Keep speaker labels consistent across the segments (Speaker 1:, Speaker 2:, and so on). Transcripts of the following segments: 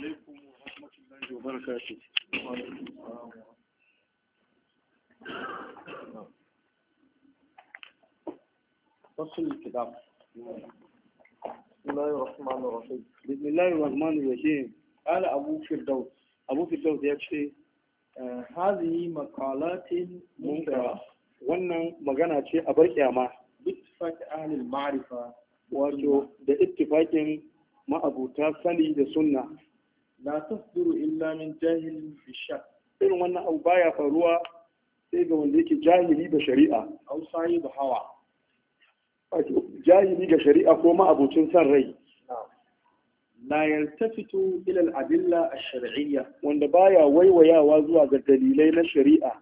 Speaker 1: alaikum wa rahmatullahi wa barakatuh فصل الكتاب بسم الله الرحمن الرحيم بسم الله الرحمن الرحيم قال أبو فردوس أبو فردوس يكشي هذه مقالات منكرة wannan magana ce a bar kyama bittifaqi ahlil ma'rifa wato da ittifaqin ma'abuta sani da sunna la tasduru illa min jahilin fi shak irin wannan abu baya faruwa sai ga wanda yake jahili da shari'a au sai da hawa jahili ga shari'a ko ma abocin san rai la yaltafitu ila al-adilla al shariyya wanda baya waiwayawa zuwa ga dalilai na shari'a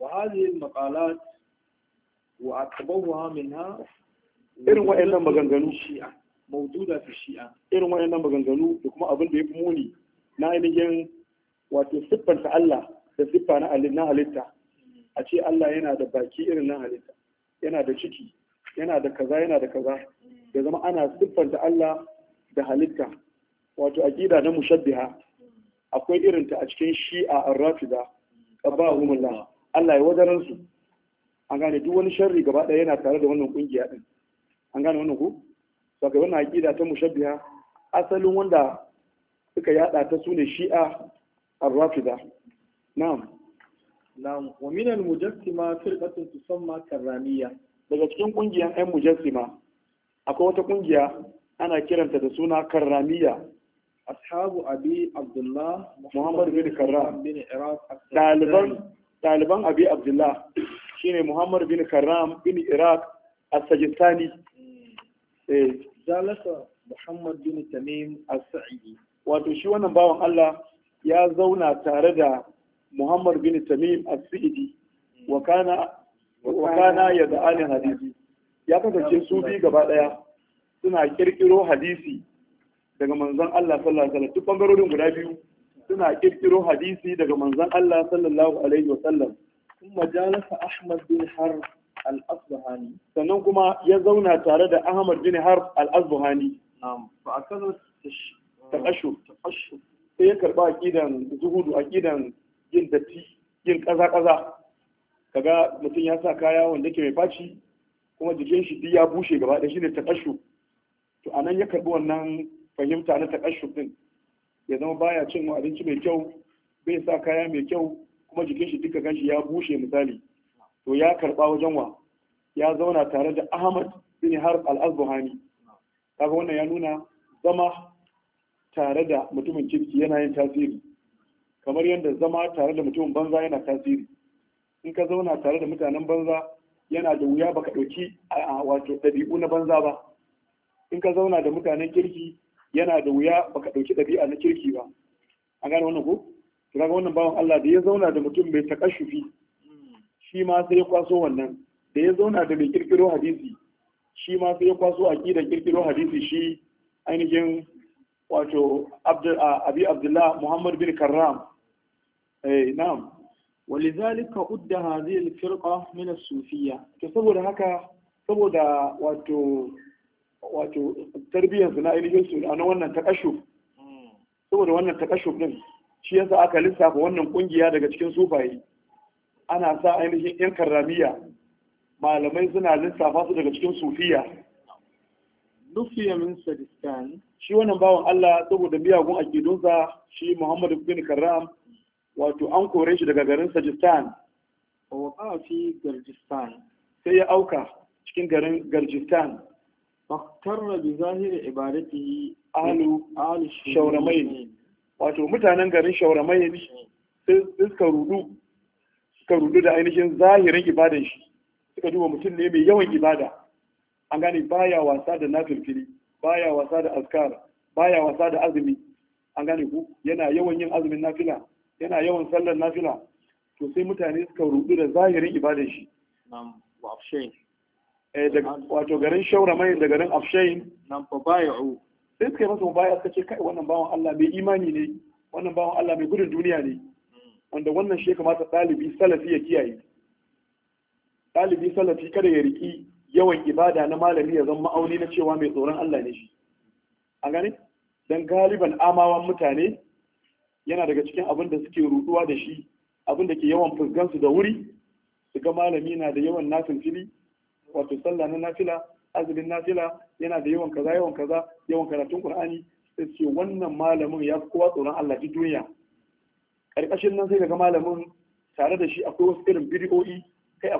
Speaker 1: wa hadhihi al-maqalat wa atbawaha minha irin wa'annan maganganu shi'a mawduda fi shi'a irin wayannan maganganu da kuma abin da ya fi muni na ainihin wato siffanta Allah da siffa na halitta a ce Allah yana da baki irin na halitta yana da ciki yana da kaza yana da kaza da zama ana siffanta Allah da halitta wato aqida na mushabbiha akwai irinta a cikin shi'a ar-rafida qabahumullah Allah ya wadaran an gane duk wani sharri gaba ɗaya yana tare da wannan kungiya din an gane wannan ku saka wannan aƙida ta mushabbiha asalin wanda suka yada ta sune shi'a ar-rafida na'am na'am wa min al-mujassima firqatun tusamma karramiyya daga cikin kungiyan ɗan mujassima akwai wata kungiya ana kiranta da suna karramiyya ashabu abi abdullah muhammad bin karram bin iraq daliban daliban abi abdullah shine muhammad bin karram bin iraq as-sajistani jalasa eh. Muhammad bin Tamim as-Sa'idi wato shi wannan bawan Allah ya zauna tare da Muhammad bin Tamim as-Sa'idi wa kana wa kana ya hadisi ya kasance su bi gaba daya suna kirkiro hadisi daga manzon Allah sallallahu alaihi wasallam duk bangarorin guda biyu suna kirkiro hadisi daga manzon Allah sallallahu alaihi wasallam kuma jalasa Ahmad bin Har. al-asbahani sannan kuma ya zauna tare da ahmad bin har al-asbahani na'am fa akaza uh, sai ya karba aqidan zuhudu aqidan yin datti yin kaza kaza kaga mutum ya sa kaya wanda ke mai faci kuma jikin shi duk ya bushe gaba da ne taqashu to anan ya karbi wannan fahimta na taqashu din ya zama baya cin abinci mai kyau bai sa kaya mai kyau kuma jikin shi duka ganshi ya bushe misali to ya karba wajen wa ya zauna tare da Ahmad bin Harb al-Azbuhani kaga wannan ya nuna zama tare da mutumin kirki yana yin tasiri kamar yadda zama tare da mutumin banza yana tasiri in ka zauna tare da mutanen banza yana da wuya baka dauki wato dabi'u na banza ba in ka zauna da mutanen kirki yana da wuya baka dauki dabi'a na kirki ba an gane wannan ko kaga wannan bawan Allah da ya zauna da mutum mai takashufi shi ma sai ya kwaso wannan da ya zauna da mai kirkiro hadisi shi ma sai ya kwaso aqida kirkiro hadisi shi ainihin wato abi abdullah muhammad bin karram eh na'am ولذلك أد هذه الفرقة من الصوفية Sufiyya? هكا saboda haka, wato wato tarbiyyar su na ainihin su na wannan takashuf hmm. saboda wannan takashuf din shi yasa aka lissafa wannan kungiya daga cikin sufaye ana sa ainihin yan karramiya malamai suna lissafa su daga cikin sufiya nufiya min sadistan shi wannan bawan Allah saboda miyagun akidunsa shi Muhammad bin Karram wato an kore shi daga garin Sajistan wa waqa fi Garjistan sai ya auka cikin garin Garjistan faktar bi zahiri ibadati alu ahlu shauramai wato mutanen garin shauramai eh. sai suka rudu suka rudu da ainihin zahirin ibadan shi suka duba mutum ne mai yawan ibada an gane baya wasa da nafilfili baya wasa da azkar baya wasa da azumi an gane ku yana yawan yin azumin nafila yana yawan sallar nafila to sai mutane suka rudu da zahirin ibadan shi eh, wato garin shaura mai da garin afshain nam fa baya'u sai suka yi masa mubaya suka ce kai wannan bawan Allah mai imani ne wannan bawan Allah mai gudun duniya ne wanda wannan shi ya kamata ɗalibi salafi ya kiyaye ɗalibi salafi kada ya riki yawan ibada na malami ya zama ma'auni na cewa mai tsoron Allah ne shi a gani dan galiban amawan mutane yana daga cikin abin da suke ruduwa da shi abin da ke yawan fuskansu da wuri su ga malami na da yawan nafin fili wato sallah na nafila azumin nafila yana da yawan kaza yawan kaza yawan karatun qur'ani sai ce wannan malamin ya fi kowa tsoron Allah duk duniya ƙarƙashin nan sai ga malamin tare da shi akwai wasu irin bidiyoyi